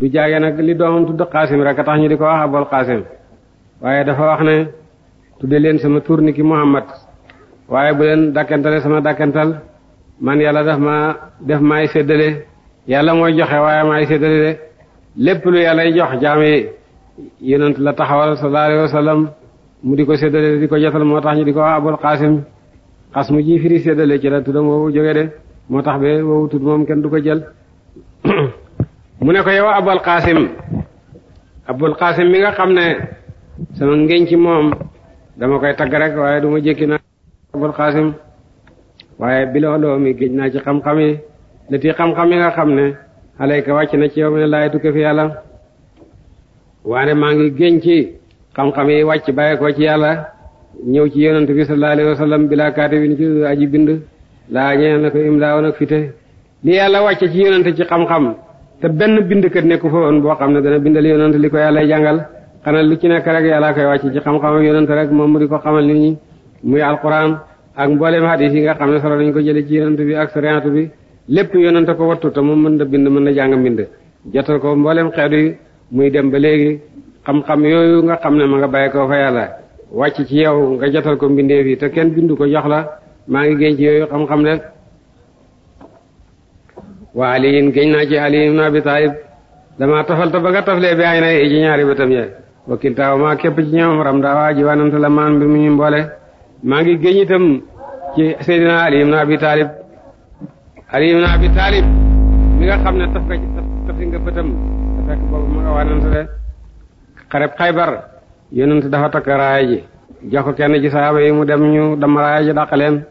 du jaage nag li doomam tudd Qaasim rek a tax ñu di ko wax Abul Qaasim waaye dafa wax ne tudde leen sama tur ni ki Muhammad waaye bu leen dàkkantale sama dàkkantal man yàlla def ma def maay séddale yàlla mooy joxe waaye maay séddale de lépp lu yàllay jox jaam yi yonent la taxawal sallallahu alayhi wa mu di ko séddale di ko jotal moo tax ñu di ko wax Abul Qaasim xas mu ji firi séddale ci la tuddam woowu jóge de moo tax be woowu tudd moom kenn du ko jël mu ne ko yow abul qasim abul qasim mi nga xam ne sama ngeen ci moom dama koy tagg rek waaye duma jékki naa abul qasim waaye bi looloo mi géej naa ci xam-xam yi lati xam-xam yi nga xam ne alayka wàcc na ci yow mi ne laay tukke fi yàlla waane maa ngi géñ ci xam-xam yi wàcc bàyyi ko ci yàlla ñëw ci yonent bi sallallahu alayhi wa sallam ci aji bind laa ñeen na ko im laaw nag fite li yàlla wàcce ci yonent ci xam-xam te benn bind bindkat nekku fa woon boo xam ne dana bindal yonent li ko yàlla jàngal xanaa lu ci nekk rek yàlla koy wàcc ci xam-xam yonent rek moom mu di ko xamal nit ñi muy alquran ak mbooleem hadis yi nga xam ne solo dañ ko jële ci yonent bi ak sariat bi lépp yonent ko wattu te moom mën na bind mën na jàng mbind jotal ko mbooleem xeetu yi muy dem ba léegi xam-xam yooyu nga xam ne ma nga bàyyi ko fa yàlla wàcc ci yow nga jotal ko mbindeef yi te kenn bindu ko jox la maa ngi génn ci yooyu waa aliyin géñ naa ci aliyin ibn abi dama tafal ta ba nga taflee bi ay na i ci ñaari bëtam ya wakkiltaaw maa képp ci ñoom ram daa waa ji wanante la maan bi mu ñu mboole maa ngi géñ ci seydina ali ibn abi taalib ali ibn mi nga xam ne taf nga ci tafi nga bëtam te fekk boobu ma de xareb dafa takk ji jox ko kenn ci saaba yi mu dem ñu dama ji dàq leen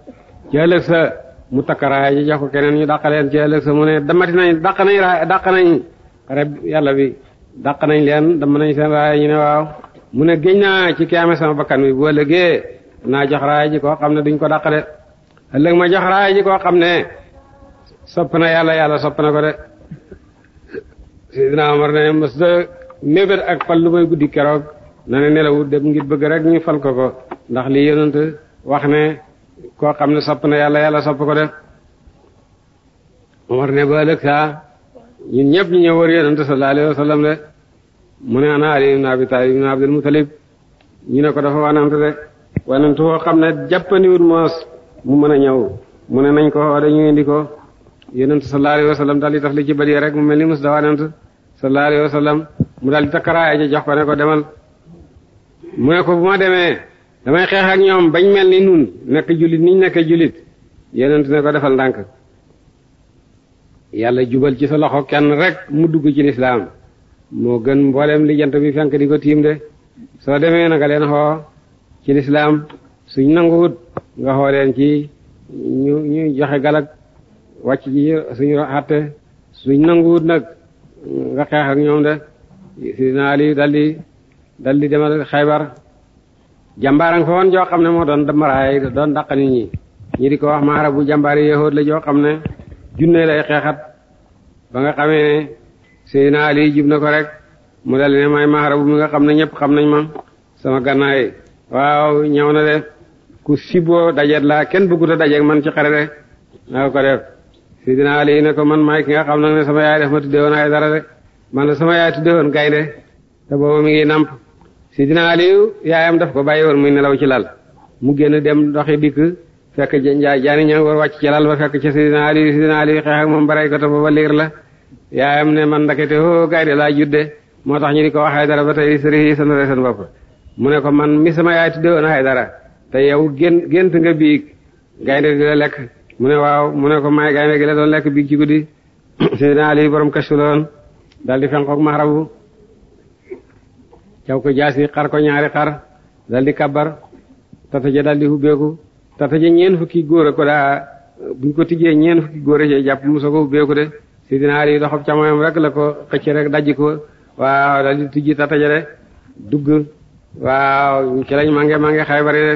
ci sa mu takk raaya ji jox ko keneen ñu dàq leen ci ëllëg sa mu ne damati nañ dàq nañ raaya dàq nañ xare yàlla bi daq nañ leen dama nañ seen raaya ñu ne waaw mu ne géñ naa ci keeme sama bakkan bi bu ëllëgee naa jox raaya ji koo xam ne duñ ko dàq de ëllëg ma jox raaya ji koo xam ne sopp na yàlla yàlla sopp na ko de Sidina Omar ne mas da mébét ak fal lu may guddi keroog na ne nelawut dem ngir bëgg rek ñu fal ko ko ndax li yonent wax ne koo xam ne sopp na yàlla yàlla sopp ko def war ñëpp ñu ñëw wër yonente sallallahu alayhi wa mu ne ana Ali ibn Abi Muttalib ñu ne ko dafa wanante de wanante koo xam ne jàppandiwut moos mu mën a ñëw mu ne nañ ko woo dañu indi ko yonente sallallahu alayhi wa sallam taf li ci bari rek mu mel ni mos da wanante mu daal di takkaraaya ci jox ko ne ko demal mu ne ko bu ma demee damay xeex ak ñoom bañ mel ni nun nekk jullit niñ nekk jullit yonent ne ko defal ndànk yàlla jubal ci sa loxo kenn rek mu dugg ci lislaam moo gën mbooleem li bi fenk di ko tiim de soo demee na nga leen xoo ci lislaam suñ nanguwut nga xoo leen ci ñu ñu joxe galag wàcc ci suñu àtte suñ nanguwut nag nga xeex ak ñoom de sidina Ali daldi daldi demal Xaybar jàmbaara nga fa woon joo xam ne moo doon maraay doon dàq nit ñi ñi di ko wax maara bu jàmbaari yahud la joo xam ne junne lay xeexat ba nga xamee ne Seydina Ali jib na ko rek mu dal ne may maara bu mi nga xam ne ñëpp xam nañ ma sama gannaay waaw ñëw na de ku siboo dajet laa kenn bëggut a dajeeg man ci xare de naa ko def Seydina Ali ne ko man maay ki nga xam nag ne sama yaay def ma tuddewoon ay dara de man sama yaay tuddewoon gaynde te Sidina Aliyu yaayam daf ko bàyyi woon muy nelaw ci lal mu génn dem doxi dikk fekk jaay jaani ña war wàcc ci lal ba fekk ca Sidina Aliyu Sidina Aliyu xeex ak moom baray ko ta ba liir la yaayam ne man ndakete hoo gaay de laa judde moo tax ñu di ko wax dara ba tey sëriñ seen seen bopp mu ne ko man mi sama yaay tudde woon Haydara te yow gén gént nga biig gaynde di la lekk mu ne waaw mu ne ko may gaynde gi la doon lekk biig ci guddi Sidina borom kasu la daal di fenqoog mahrabu caw ko jaasi xar ko ñaari xar dal di kabar tata ja dal di hubbeeku tata ja ñeen fukki góor ko daa buñ ko tijjee ñeen fukki góor ci jàpp musa ko hubbeeku de sidina Ali doxob camoyam rek la ko xëcc rek dajji ko waaw dal di tijji tata ja de dugg waaw ci lañ mange mange xaybari de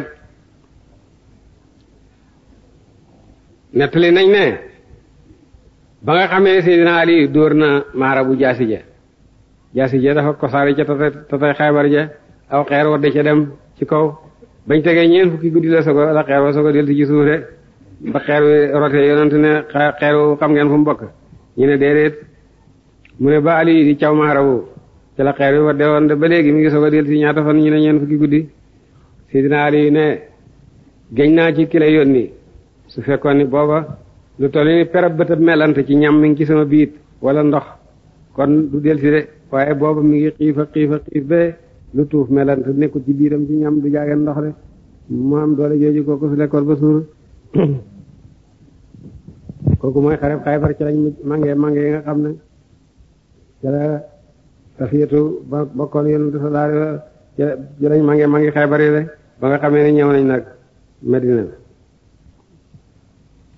nettali nañ ne ba nga xamee sidina Ali dóor na maara bu jaasi ja jaasi ja dafa ko saari ca tatay xaybar ja aw xeer wadde ca dem ci kaw bañ tegee ñeen fukki guddi la sogo la xeer wa sogo delti ci suuf de ba xeer wi rote yonent ne xeer wu xam ngeen fu mbokk bokk ñu ne déedéet mu ne ba ali di caw maarawu te la xeer wi wadde woon de ba léegi mi ngi sogo delti ñaata fan ñu ne ñeen fukki guddi sidina ali ne géñ naa ci ki la yónni su fekkoon ni booba lu toll ni perab bëtëb melante ci ñam mi ngi ci sama biit wala ndox kon du delsi waaye booba mi ngi xiif a xiif be lu tuuf melante nekku ci biiram ci ñam du jaageen ndox de mu doole jooju kooku su lekkoon ba suur kooku mag xareb xaybar ci lañ mange mange yi nga xam ne ci la tafiyatu ba bokkoon yonente xaybar yi de ba nga xamee ne ñëw nañ nag Medina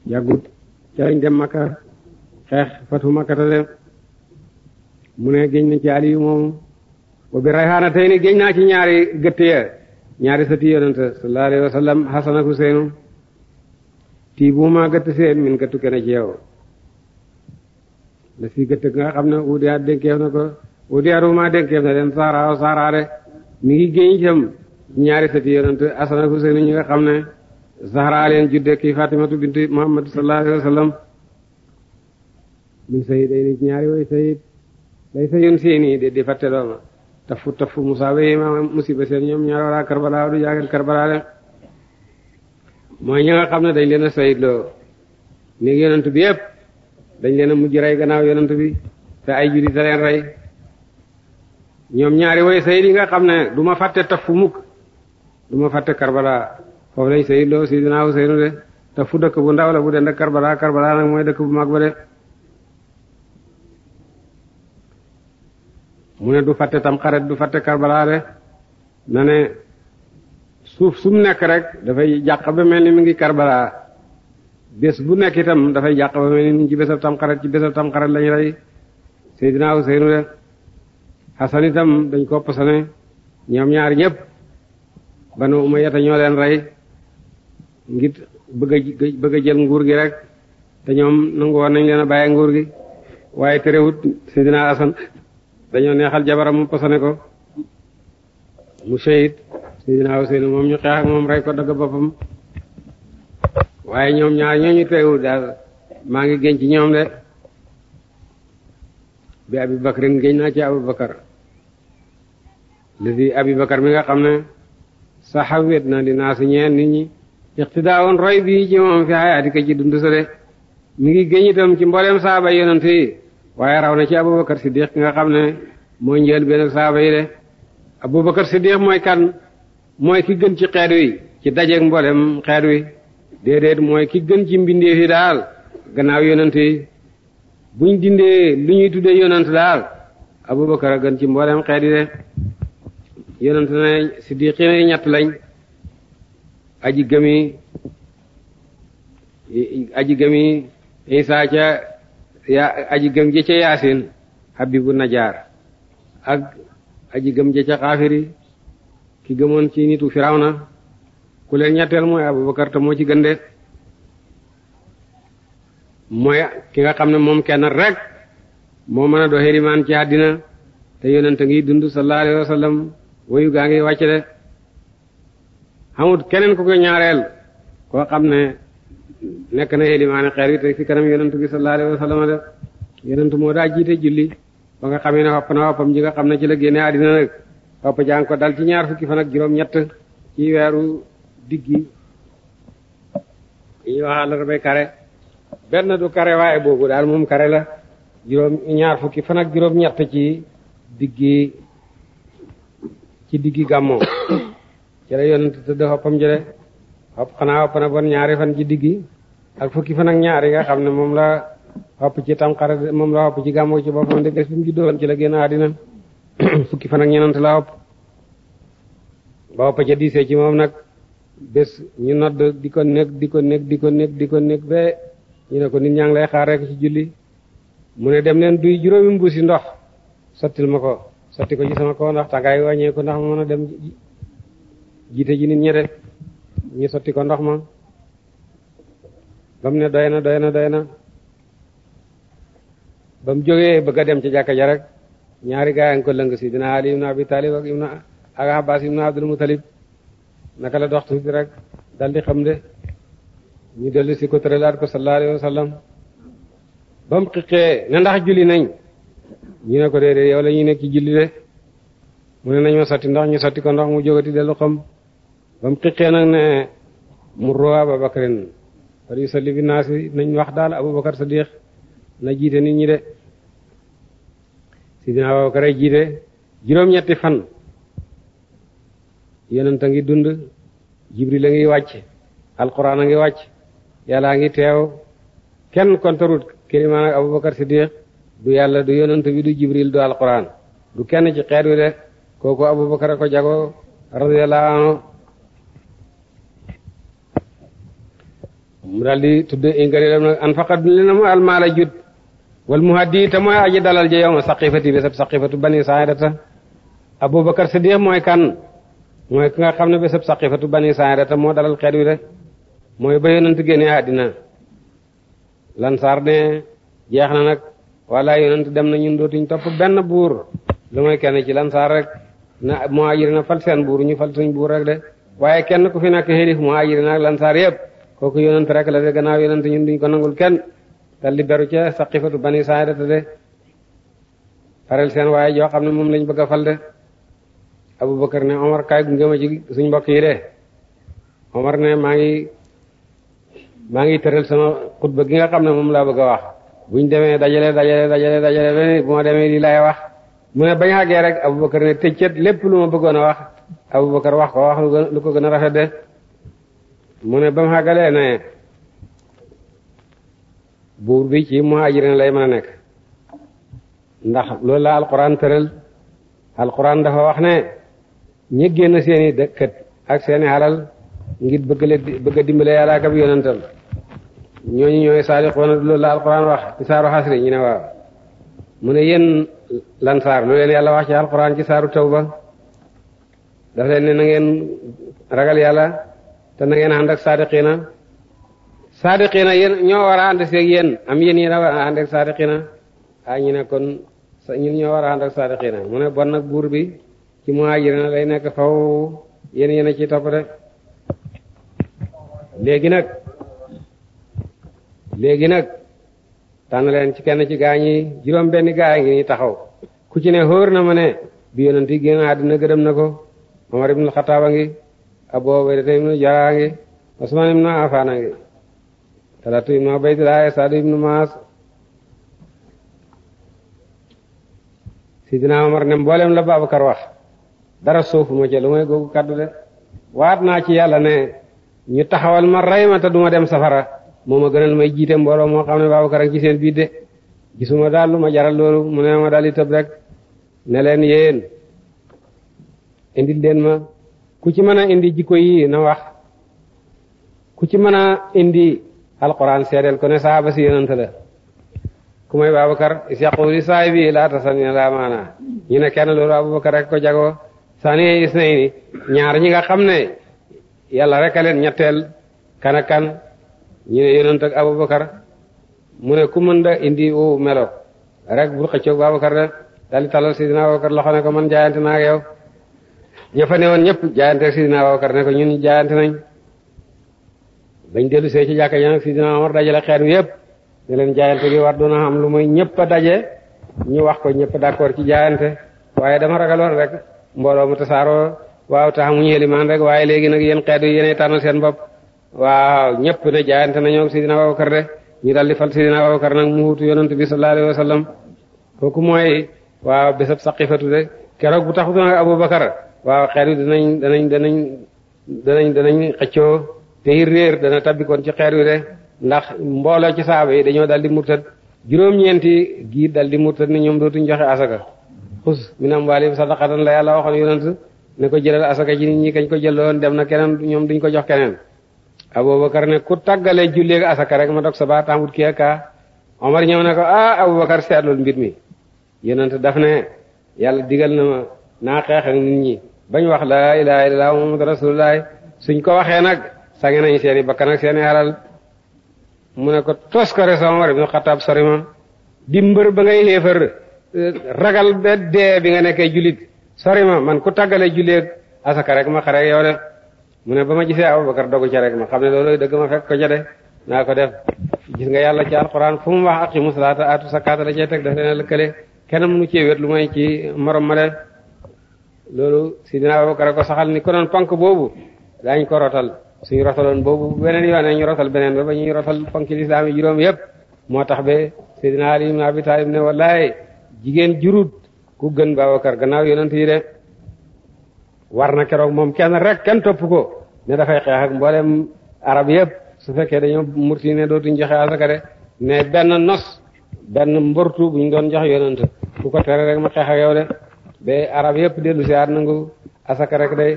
yàggut ci lañ dem Makka xeex fatu Makka te de mu ne géñ na ci aliyu moomu wa bi rayhaana tey ni géñ naa ci ñaari gëtt ya ñaari sati yonente sallallahu alayhi wa sallam hasan ak huseenu tii buuma gëtt seen min gëttu kene ci yow la si gëtt nga xam ne udiyaat dénkeef na ko udiyaat uma dénkeef na leen saara aw saara mi ngi géñ itam ñaari sati yonente hasan ak huseenu ñi nga xam ne Zahra leen judde kii Fatimatu binti Muhammad sallallahu alayhi wa sallam min ay ni ñaari way lay sa yoon seeni de di fàtteloo ma tafu tafu musaabe yi ma musiba seen ñoom ñoo wala karbala du jaagen karbala de mooy ñi nga dañ leen a sayidloo bi yëpp leen mujj rey gannaaw yonent bi ñoom ñaari way sayid yi nga xam ne duma ma fàtte tafu mukk du ma fàtte karbala foofu lañ sayidloo sayidina Useynu de tafu dëkk bu ndaw la bu den de karbala karbala mooy dëkk bu mag ba de mu ne du fàtte tam xarit du fàtte Karbala de na ne suuf su nekk rek dafay jàq ba mel ni mu ngi Karbala bés bu nekk itam dafay jàq ba mel ni mu ngi ci bésab tam ci bésab tam xarit lañu rey Seydina Useynu de Hasan itam dañ ko posone ñoom ñaar ñëpp Banu Umayya ñoo leen rey ngir bëgg bëgg a jël nguur gi rek te ñoom nangu woon nañ leen a bàyyi nguur gi waaye terewut Seydina Hasan dañoo neexal jabaram mu posone ko mu seyit Seydina Useynu moom ñu xeex moom rey ko dagg boppam waaye ñoom ñaar ñooñu teewul daal maa ngi gën ci ñoom de bi Abi Bakrin gën naa ci Abu Bakar nga xam ne saxa wét na di naa si ñeen nit ñi iqtidaawoon roy bii ci moom fi xayaati ko ci dund sa de mi ngi gën itam ci mbooleem saaba yonent yi waaye raw na ci abubakar siddiq ki nga xam ne mooy njël benn saaba yi de abubakar siddiq mooy kan mooy ki gën ci xeet wi ci dajeeg mboolem xeet wi déedéet mooy ki gën ci mbindeef yi daal gannaaw yonent yi buñ dindee lu ñuy tuddee yonent daal abubakar a gën ci mboolem xeet yi de yonent ne siddiqin yi ñett lañ aji gëmi aji gëmi isa ca yaa aji gëm ja ca yaasin habibu najaar ak aji gëm ja ca xaafiri ki gëmoon ci nitu firawna ku leen ñetteel mooy abubakar te moo ci gën de mooy ki nga xam ne moom kenn rekk moo mën a doo xerimaan ci àddina te yonent ngi dund sallallahu alayhi wa sallam wayu gaa ngi wàcc de xamut keneen ku ko ñaareel koo xam ne nekk na élimaani xeer wi te fi kanam yonentu bi sallallahu alayhi wa sallam de yonentu moo daa jiite julli ba nga xamee ne xopp na xoppam ji nga xam ne ci la génne àddina nag xopp jàng ko dal ci ñaar fukki fan ak juróom-ñett ci weeru diggi yi waxaa waaye boobu daal moom kare la juróom fan ak ci diggi ci diggi gàmmoo ci la yonentu tëdd xoppam jële opp xanaa opp na bon ñaaree fan ci diggi ak fukki fan ak ñaari nga xam ne moom la opp ci tamxarit moom la opp ci gàmmu ci boppam de bés bi mu juddoo ci la génn àddina fukki fan ak ñeent la opp ba opp ca diisee ci moom nag bés ñu nodd di ko nekk di ko nekk di ko nekk di ko nekk ba ñu ne ko nit ñaa ngi lay xaar rek ci julli mu ne dem leen duy juróomi mbuusi ndox sottil ma ko sotti ko ci sama kaw ndax tàngaay wàññeeku ndax ma mën a dem jiite ji nit ñe ñi sotti ko ndox ma ba mu ne doy na doy na doy na ba mu jógee bëgg a dem ca jàkka ja rek ñaari gaa ngi ko lëng si dina Ali ibn Abi Talib ak ibn ak Abbas ibn Abdul Muttalib naka la dox tuuti rek dal xam de ñu dellu si ko tëralaat ko sallallahu alayhi wa sallam ba mu xiqee ne ndax julli nañ ñu ne ko déedéet yow la ñu nekk julli de mu ne nañ ma sotti ndox ñu sotti ko ndox mu jógati dellu xam ba mu xiqee nag ne mu roo Abubakarin far yu salli bi naas yi nañ wax daal Abubakar Sadiq na jiite nit ñi de sidina Abubakar ay jiite juróom-ñetti fan yonent a ngi dund Jibril a ngi wàcc alquran a ngi wàcc yàllaa ngi teew kenn kontarut kilimaa nag Abubakar Siddiq du yàlla du yonent bi du Jibril du alquran du kenn ci xeet wi de kooku Abubakar a ko jago radiyallahu anhu mu daal di tudd ingrédients nag anfaqa dund leen mu almaala jut wal muhaddi te mooy aji dalal ji yow ma saqifati bésab saqifatu bani saadata abubakar siddiq mooy kan mooy ki nga xam ne bésab saqifatu bani saadata moo dalal xeet wi de mooy ba yonent génne àddina lan saar ne jeex na nag wala yonent dem na ñun dootuñ topp benn buur lu mooy kenn ci lan saar rek na muhajir na fal seen buur ñu fal suñ buur rek de waaye kenn ku fi nekk xëy na lan saar yëpp. kooku yonent rek la de gannaaw yonent ñun duñ ko nangul kenn dal di beru ca saqifatu bani saadata de pareel seen waaye joo xam ne moom lañ bëgg a fal de Abubakar ne Omar kaay gunge ma ci suñ mbokk yi de Omar ne maa ngi maa ngi tëral sama xutba gi nga xam ne moom laa bëgg a wax buñ demee dajale dajale dajale dajale benn bu ma demee lii laay wax mu ne bañ a àggee rek Abubakar ne tëccet lépp lu ma bëggoon a wax Abubakar wax ko wax lu ko gën a rafet de mu ne ba mu xàggalee ne buur bi ci muhajirin lay ma a nekk ndax lool la alquran tëral alquran dafa wax ne ñi génn seeni dëkkat ak seeni alal ngir bëgg leen bëgg a dimbale yàlla ak ab yonentam ñooñu ñooy saalixoona loolu la alquran wax ci saaru xasri ñu ne waaw mu ne yéen lansaar lu leen yàlla wax ci alquran ci saaru tawba daf leen ne na ragal yàlla te na ngeen ànd ak saadiqina saadiqina yéen ñoo war a ànd seeg yéen am yéen yéen a war a ànd ak saadiqina ah ñu kon ñun ñoo war a ànd ak saadiqina mu ne bon nag buur bi ci muhajirina lay nekk faw yéen yéen a ci topp de léegi nag léegi nag tànn leen ci kenn ci gaañi ñi juróom benn gaa ngi ni taxaw ku ci ne xóor na ma ne bi yonent yi génn àddina gërëm na ko Omar ibn Xattaab a ngi Abu Ubayda ibnu Jarrah ngi Usman ibnu Affan ngi Talatu ibnu Ubaydillah Sa'd ibnu Maas Sidina Umar ne mboolem la Babakar wax dara soofu ma ci lu may googu kaddu de waat naa ci yàlla ne ñu taxawal ma rey ma te duma dem safara moom ma gënal may jiite mbooloo moo xam ne Babakar ak ci seen biir de gisuma daal lu ma jaral loolu mu ne ma daal di tëb rek ne yéen indil ma ku ci mën a indi jikko yi na wax ku ci mën a indi alquran seedeel ko ne saaba si yonent la ku may Babacar isyaqu li saahibi laa tasanni laa maana ñu ne kenn loolu Abubakar rek ko jagoo saniye isnayni ñaar ñi nga xam ne yàlla rek a leen ñetteel kan ak ne yonent Abubakar mu ne ku mën da indi wu melo rek bu xëccoog Babacar de daal di talal Sidina Abubakar loxo ne ko man jaayante naa ak yow ña fa ne woon ñëpp jaayante Sidina Abubakar ne ko ñun jaayante nañ bañ dellu see ci jàkka jana Sidina Omar dajale xeet yëpp ne leen lu muy ñëpp a daje ñu wax ko ñëpp d'accord ci jaayante waaye dama ragaloon rek mbooloo mu tasaaroo waaw tax mu rek waaye léegi nag yéen xeet yi yéenay seen bopp waaw ñëpp ne jaayante nañoo Sidina Abubakar de ñu dal di fal Sidina Abubakar nag mu wuutu yonent bi sallallahu alayhi wasallam kooku mooy waaw bésab saqifatu de keroog bu taxutu nag Abubakar waaw xeer wi danañ danañ danañ danañ danañ xëccoo te it réer dana tabbikoon ci xeer wi de ndax mbooloo ci saaba yi dañoo dal di murtad juróom-ñeenti gii dal di murtad ni ñoom dootuñu joxe asaka xus min amwaalihim sadaqatan la yàlla waxoon yonent ne ko jëlal asaka ci nit ñi kañ ko jëloon dem na keneen ñoom dañ ko jox keneen Abubakar ne ku tàggale julleeg asaka rek ma dog sa baat amut kii a kaa Omar ñëw ne ko ah Abubakar seetlul mbir mi yonent daf yàlla digal na naa xeex nit ñi bañ wax laa ilaha moom muhammadu rasulullah suñ ko waxee nag sange nañ seen i bakkan ak alal mu ne ko tos ko re sama war ibnu xataab sori ma di mbër ba ngay xéefar eh, ragal ba dee bi nga nekkee jullit sori ma man ku tàggale julleeg asaka rek ma xare yow de mu ne ba ma gisee Abubakar dogu ca rek ma xam ne loolu dëgg ma fekk ko ca de naa ko def gis nga yàlla ci alquran fu mu wax aqimu salaata aatu sakaata la cay teg daf leen lëkkale kenn mënu cee wét lu may ci morom ma loolu sidina Abubakar a ko saxal ni ko konoon pank boobu daañ ko rotal suñu rotaloon boobu beneen yoon ñu rotal beneen ba ba ñu rotal pank lislaam juróom yépp moo tax be sidina Ali ibn Abi Talib ne wallaay jigéen jurut ku gën Babakar gannaaw yonent yi de war na keroog moom kenn rek kenn topp ko ne dafay xeex ak mboolem arab yépp su fekkee dañoo murti ne dootuñ joxe asaka de ne benn nos benn mbortu buñ doon jox yonent ku ko tere rek ma xeex ak yow de ba arab yëpp dellu si aat nangu asaka rek day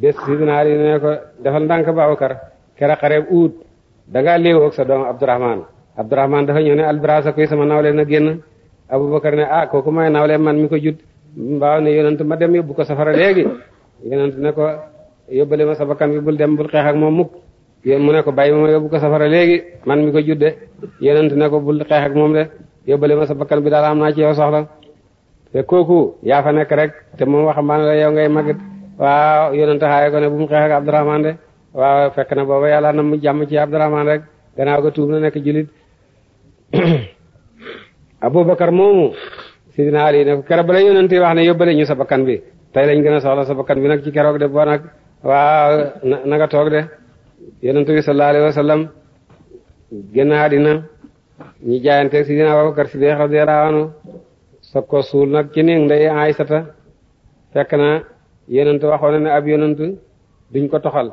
bés sidina Ali ne ko defal ndànk Baabakar kera xareeb uut da ngaa léewoo sa doom Abdurahman Abdurahman dafa ñëw ne albrasa koy sama nawle na génn Abubakar ne ah kooku may nawle man mi ko jut mbaaw ne yonent ma dem yóbbu ko safara léegi yonent ne ko yóbbale ma sabakan bi bul dem bul xeex moom mukk yéen mu ne ko bàyyi ma yóbbu ko safara léegi man mi ko judde yonent ne ko bul xeex moom de yóbbale ma sabakan bi daal am naa ci yow soxla te kooku yaa fa nekk rek te moom waxambaane la yow ngay mag waaw yonente xaaye ko ne bu mu xeex ak Abdurahman de waaw fekk na booba yàlla na mu jàmm ci Abdurahman rek gannaaw ga tuub na nekk julit Abubakar moomu Sidina Ali ne keroog ba la yonente wax ne yóbbale ñu sa bakkan bi tey lañ gën a soxla sa bakkan bi nag ci keroog de boo nag waaw na nga toog de yonente bi sallallahu alayhi wa sallam génn àddina ñi jaayante Sidina Abubakar Siddiq radiyallahu anhu soog ko suul nag ci néeg nday Aysata fekk na yonent waxoon na ne ab yenent duñ ko toxal